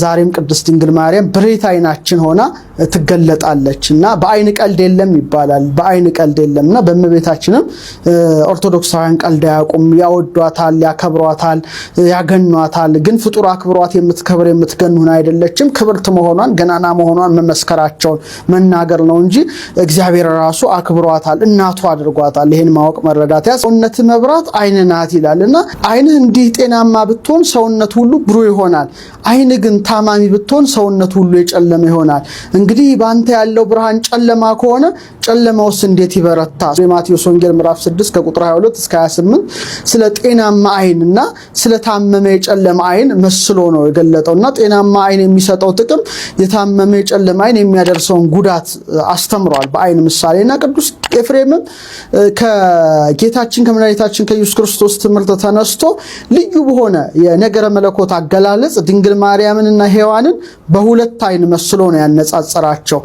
ዛሬም ቅድስት ድንግል ማርያም ብሬት አይናችን ሆና ትገለጣለች እና በአይን ቀልድ የለም ይባላል። በአይን ቀልድ የለም እና በእመቤታችንም ኦርቶዶክሳውያን ቀልድ አያውቁም። ያወዷታል፣ ያከብሯታል፣ ያገኗታል። ግን ፍጡር አክብሯት የምትከብር የምትገኑን አይደለችም። ክብርት መሆኗን ገናና መሆኗን መመስከራቸውን መናገር ነው እንጂ እግዚአብሔር ራሱ አክብሯታል፣ እናቱ አድርጓታል። ይህን ማወቅ መረዳት ያ ሰውነት መብራት አይን ናት ይላል እና አይንህ እንዲህ ጤናማ ብትሆን ሰውነት ሁሉ ብሩህ ይሆናል። አይን ግን ታማሚ ብትሆን ሰውነት ሁሉ የጨለመ ይሆናል። እንግዲህ በአንተ ያለው ብርሃን ጨለማ ከሆነ ጨለማውስ እንዴት ይበረታ? የማቴዎስ ወንጌል ምዕራፍ 6 ከቁጥር 22 እስከ 28 ስለ ጤናማ አይንና ስለ ታመመ የጨለማ አይን መስሎ ነው የገለጠውና ጤናማ አይን የሚሰጠው ጥቅም የታመመ የጨለማ አይን የሚያደርሰውን ጉዳት አስተምሯል በአይን ምሳሌና ቅዱስ ኤፍሬምም ከጌታችን ከመድኃኒታችን ከኢየሱስ ክርስቶስ ትምህርት ተነስቶ ልዩ በሆነ የነገረ መለኮት አገላለጽ ድንግል ማርያም ማርያምንና ሔዋንን በሁለት አይን መስሎ ነው ያነጻጸራቸው።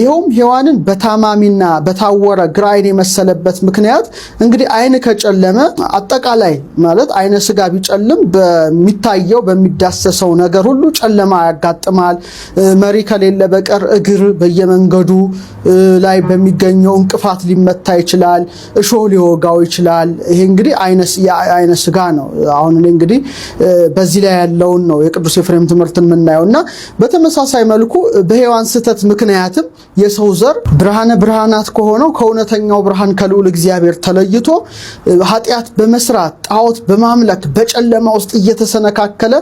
ይኸውም ሔዋንን በታማሚና በታወረ ግራ አይን የመሰለበት ምክንያት እንግዲህ አይን ከጨለመ አጠቃላይ ማለት አይነ ስጋ ቢጨልም በሚታየው በሚዳሰሰው ነገር ሁሉ ጨለማ ያጋጥማል። መሪ ከሌለ በቀር እግር በየመንገዱ ላይ በሚገኘው እንቅፋት ሊመታ ይችላል፣ እሾህ ሊወጋው ይችላል። ይሄ እንግዲህ አይነ ስጋ ነው። አሁን እንግዲህ በዚህ ላይ ያለውን ነው የቅዱስ ኤፍሬም ትምህርትን የምናየው እና በተመሳሳይ መልኩ በሔዋን ስህተት ምክንያትም የሰው ዘር ብርሃነ ብርሃናት ከሆነው ከእውነተኛው ብርሃን ከልዑል እግዚአብሔር ተለይቶ ኃጢአት በመስራት ጣዖት በማምለክ በጨለማ ውስጥ እየተሰነካከለ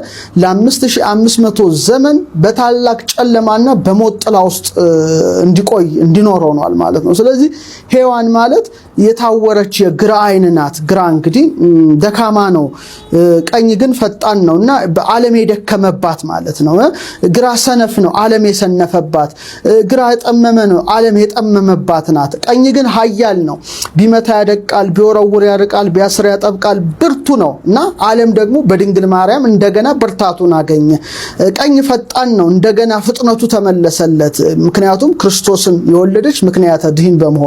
ለ5500 ዘመን በታላቅ ጨለማና በሞት ጥላ ውስጥ እንዲቆይ እንዲኖር ሆኗል ማለት ነው። ስለዚህ ሔዋን ማለት የታወረች የግራ አይን ናት። ግራ እንግዲህ ደካማ ነው፣ ቀኝ ግን ፈጣን ነው እና በዓለም የደከመባት ማለት ነው። ግራ ሰነፍ ነው ዓለም የሰነፈባት፣ ግራ የጠመመ ነው ዓለም የጠመመባት ናት። ቀኝ ግን ኃያል ነው። ቢመታ ያደቃል፣ ቢወረውር ያርቃል፣ ቢያስር ያጠብቃል። ብርቱ ነው እና ዓለም ደግሞ በድንግል ማርያም እንደገና ብርታቱን አገኘ። ቀኝ ፈጣን ነው፣ እንደገና ፍጥነቱ ተመለሰለት። ምክንያቱም ክርስቶስን የወለደች ምክንያተ ድህን በመሆኗ።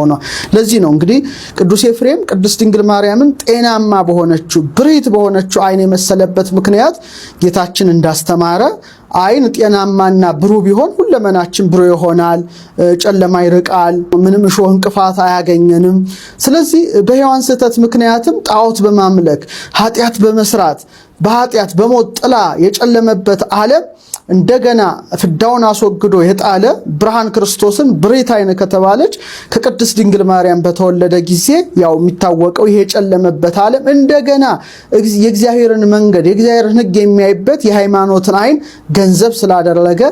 ለዚህ ነው እንግዲህ ቅዱስ ኤፍሬም ቅድስት ድንግል ማርያምን ጤናማ በሆነችው ብሪት በሆነችው አይን የመሰለበት ምክንያት ጌታችን እንዳስተማረ አይን ጤናማና ብሩህ ቢሆን ሁለመናችን ብሩህ ይሆናል፣ ጨለማ ይርቃል፣ ምንም እሾህ እንቅፋት አያገኘንም። ስለዚህ በሔዋን ስህተት ምክንያትም ጣዖት በማምለክ ኃጢአት በመስራት በኃጢአት በሞት ጥላ የጨለመበት ዓለም እንደገና ፍዳውን አስወግዶ የጣለ ብርሃን ክርስቶስን ብሬት አይነ ከተባለች ከቅድስት ድንግል ማርያም በተወለደ ጊዜ ያው የሚታወቀው ይሄ የጨለመበት ዓለም እንደገና የእግዚአብሔርን መንገድ የእግዚአብሔርን ሕግ የሚያይበት የሃይማኖትን አይን ገንዘብ ስላደረገ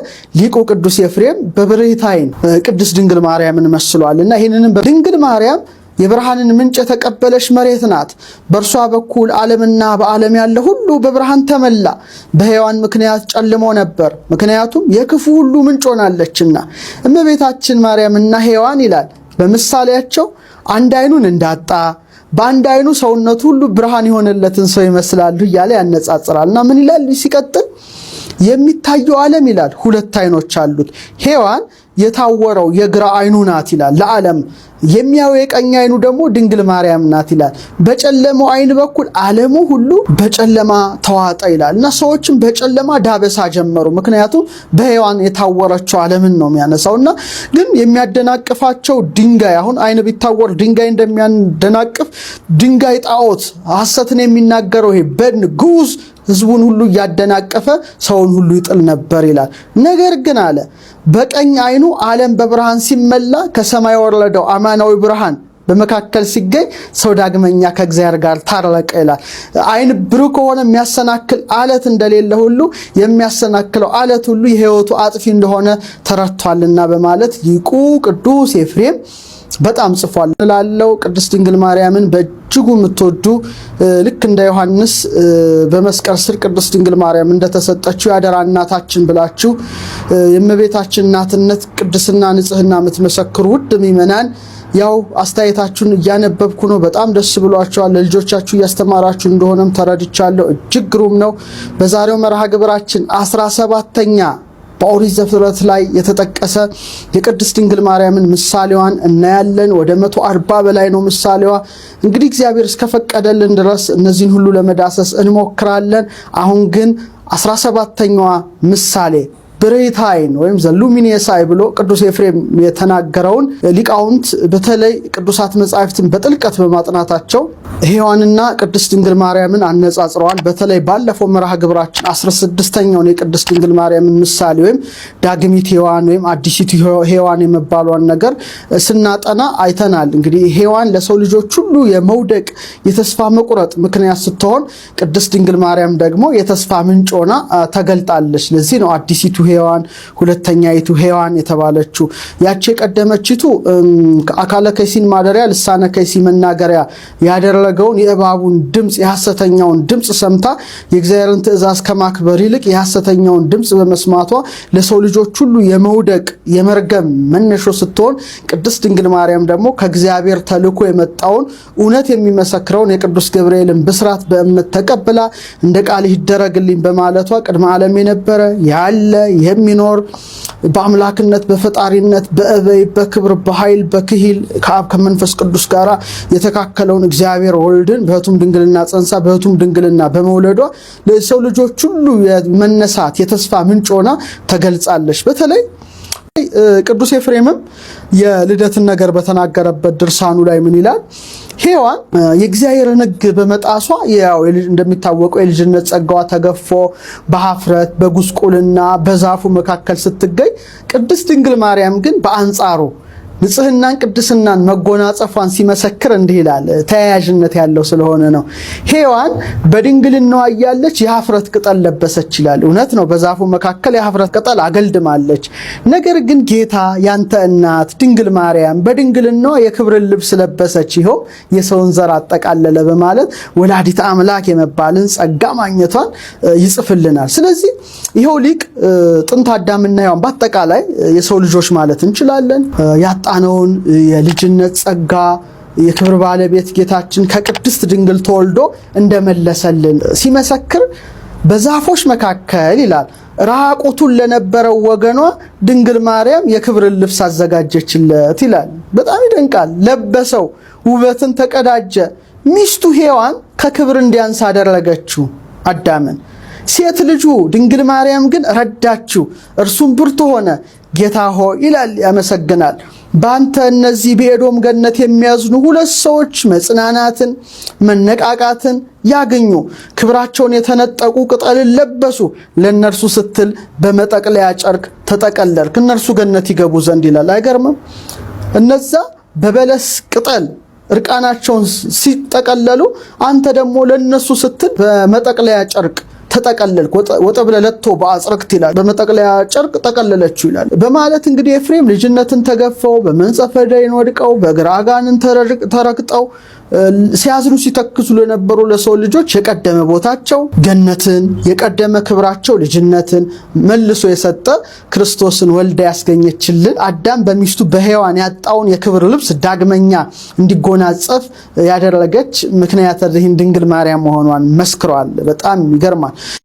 ሊቁ ቅዱስ ኤፍሬም በብሬት አይን ቅድስት ድንግል ማርያምን መስሏል እና ይህንንም ድንግል ማርያም የብርሃንን ምንጭ የተቀበለች መሬት ናት። በእርሷ በኩል ዓለምና በዓለም ያለ ሁሉ በብርሃን ተመላ። በሔዋን ምክንያት ጨልሞ ነበር፣ ምክንያቱም የክፉ ሁሉ ምንጭ ሆናለችና። እመቤታችን ማርያምና ሔዋን ይላል በምሳሌያቸው አንድ ዓይኑን እንዳጣ በአንድ ዓይኑ ሰውነቱ ሁሉ ብርሃን የሆነለትን ሰው ይመስላሉ እያለ ያነጻጽራል እና ምን ይላል ሲቀጥል የሚታየው ዓለም ይላል ሁለት ዓይኖች አሉት ሔዋን የታወረው የግራ አይኑ ናት ይላል ለዓለም የሚያየው የቀኝ አይኑ ደግሞ ድንግል ማርያም ናት ይላል። በጨለመው አይን በኩል ዓለሙ ሁሉ በጨለማ ተዋጠ ይላል እና ሰዎችም በጨለማ ዳበሳ ጀመሩ። ምክንያቱም በሔዋን የታወረችው ዓለምን ነው የሚያነሳው እና ግን የሚያደናቅፋቸው ድንጋይ አሁን አይን ቢታወር ድንጋይ እንደሚያደናቅፍ ድንጋይ ጣዖት ሐሰትን የሚናገረው ይሄ በድን ግዑዝ ህዝቡን ሁሉ እያደናቀፈ ሰውን ሁሉ ይጥል ነበር ይላል። ነገር ግን አለ በቀኝ አይኑ ዓለም በብርሃን ሲመላ ከሰማይ ወረደው አማናዊ ብርሃን በመካከል ሲገኝ ሰው ዳግመኛ ከእግዚአብሔር ጋር ታረቀ ይላል። አይን ብሩህ ከሆነ የሚያሰናክል አለት እንደሌለ ሁሉ የሚያሰናክለው አለት ሁሉ የህይወቱ አጥፊ እንደሆነ ተረድቷልና በማለት ሊቁ ቅዱስ ኤፍሬም በጣም ጽፏል ላለው ቅድስት ድንግል ማርያምን በእጅጉ የምትወዱ ልክ እንደ ዮሐንስ በመስቀል ስር ቅድስት ድንግል ማርያም እንደተሰጠችው የአደራ እናታችን ብላችሁ የእመቤታችን እናትነት ቅድስና፣ ንጽህና የምትመሰክሩ ውድ ምእመናን ያው አስተያየታችሁን እያነበብኩ ነው። በጣም ደስ ብሏቸዋል። ለልጆቻችሁ እያስተማራችሁ እንደሆነም ተረድቻለሁ። እጅግ ግሩም ነው። በዛሬው መርሃ ግብራችን አስራ ሰባተኛ በኦሪት ዘፍጥረት ላይ የተጠቀሰ የቅድስት ድንግል ማርያምን ምሳሌዋን እናያለን። ወደ መቶ አርባ በላይ ነው ምሳሌዋ። እንግዲህ እግዚአብሔር እስከፈቀደልን ድረስ እነዚህን ሁሉ ለመዳሰስ እንሞክራለን። አሁን ግን አስራ ሰባተኛዋ ምሳሌ ብሬት አይን ወይም ዘሉሚኒየስ አይ ብሎ ቅዱስ ኤፍሬም የተናገረውን ሊቃውንት በተለይ ቅዱሳት መጻሕፍትን በጥልቀት በማጥናታቸው ሔዋንና ቅድስት ድንግል ማርያምን አነጻጽረዋል። በተለይ ባለፈው መርሃ ግብራችን 16ኛውን የቅድስት ድንግል ማርያምን ምሳሌ ወይም ዳግሚት ሔዋን ወይም አዲሲቱ ሔዋን የመባሏን ነገር ስናጠና አይተናል። እንግዲህ ሔዋን ለሰው ልጆች ሁሉ የመውደቅ የተስፋ መቁረጥ ምክንያት ስትሆን፣ ቅድስት ድንግል ማርያም ደግሞ የተስፋ ምንጭ ሆና ተገልጣለች። ለዚህ ነው አዲሲቱ ሔዋን ሁለተኛይቱ ሔዋን የተባለችው ያቺ የቀደመችቱ አካለ ከይሲን ማደሪያ ልሳነ ከይሲ መናገሪያ ያደረገውን የእባቡን ድምፅ የሐሰተኛውን ድምፅ ሰምታ የእግዚአብሔርን ትእዛዝ ከማክበር ይልቅ የሐሰተኛውን ድምፅ በመስማቷ ለሰው ልጆች ሁሉ የመውደቅ የመርገም መነሾ ስትሆን ቅድስት ድንግል ማርያም ደግሞ ከእግዚአብሔር ተልኮ የመጣውን እውነት የሚመሰክረውን የቅዱስ ገብርኤልን ብስራት በእምነት ተቀብላ እንደ ቃል ይደረግልኝ በማለቷ ቅድመ ዓለም የነበረ ያለ የሚኖር በአምላክነት በፈጣሪነት በእበይ በክብር በኃይል በክሂል ከአብ ከመንፈስ ቅዱስ ጋር የተካከለውን እግዚአብሔር ወልድን በህቱም ድንግልና ጸንሳ በህቱም ድንግልና በመውለዷ ለሰው ልጆች ሁሉ የመነሳት የተስፋ ምንጭ ሆና ተገልጻለች። በተለይ ቅዱስ ኤፍሬምም የልደትን ነገር በተናገረበት ድርሳኑ ላይ ምን ይላል? ሔዋን የእግዚአብሔርን ሕግ በመጣሷ ያው እንደሚታወቀው የልጅነት ጸጋዋ ተገፎ በሀፍረት በጉስቁልና በዛፉ መካከል ስትገኝ፣ ቅድስት ድንግል ማርያም ግን በአንጻሩ ንጽህናን ቅድስናን መጎናጸፏን ሲመሰክር እንዲህ ይላል። ተያያዥነት ያለው ስለሆነ ነው። ሔዋን በድንግልናዋ እያለች የሀፍረት ቅጠል ለበሰች ይላል። እውነት ነው። በዛፉ መካከል የሀፍረት ቅጠል አገልድማለች። ነገር ግን ጌታ ያንተ እናት ድንግል ማርያም በድንግልናዋ የክብርን ልብስ ለበሰች፣ ይኸው የሰውን ዘር አጠቃለለ በማለት ወላዲት አምላክ የመባልን ጸጋ ማግኘቷን ይጽፍልናል። ስለዚህ ይኸው ሊቅ ጥንተ አዳምና ሔዋን በአጠቃላይ የሰው ልጆች ማለት እንችላለን ያጣነውን የልጅነት ጸጋ የክብር ባለቤት ጌታችን ከቅድስት ድንግል ተወልዶ እንደመለሰልን ሲመሰክር በዛፎች መካከል ይላል ራቁቱን ለነበረው ወገኗ ድንግል ማርያም የክብርን ልብስ አዘጋጀችለት ይላል። በጣም ይደንቃል። ለበሰው፣ ውበትን ተቀዳጀ። ሚስቱ ሔዋን ከክብር እንዲያንስ አደረገችው አዳምን። ሴት ልጁ ድንግል ማርያም ግን ረዳችው፣ እርሱም ብርቱ ሆነ። ጌታ ሆይ ይላል፣ ያመሰግናል። ባንተ እነዚህ በኤዶም ገነት የሚያዝኑ ሁለት ሰዎች መጽናናትን መነቃቃትን ያገኙ፣ ክብራቸውን የተነጠቁ ቅጠልን ለበሱ፣ ለእነርሱ ስትል በመጠቅለያ ጨርቅ ተጠቀለልክ፣ እነርሱ ገነት ይገቡ ዘንድ ይላል። አይገርምም? እነዛ በበለስ ቅጠል እርቃናቸውን ሲጠቀለሉ፣ አንተ ደግሞ ለእነሱ ስትል በመጠቅለያ ጨርቅ ተጠቀለል ተጠቀለልክ ለቶ በአጽረክት ይላል። በመጠቅለያ ጨርቅ ጠቀለለችው ይላል በማለት እንግዲህ ኤፍሬም ልጅነትን ተገፈው በመንጸፈ ደይን ወድቀው በግራ አጋንንት ተረግጠው ሲያዝኑ ሲተክሱ ለነበሩ ለሰው ልጆች የቀደመ ቦታቸው ገነትን፣ የቀደመ ክብራቸው ልጅነትን መልሶ የሰጠ ክርስቶስን ወልዳ ያስገኘችልን አዳም በሚስቱ በሔዋን ያጣውን የክብር ልብስ ዳግመኛ እንዲጎናጸፍ ያደረገች ምክንያት ይህን ድንግል ማርያም መሆኗን መስክረዋል። በጣም ይገርማል።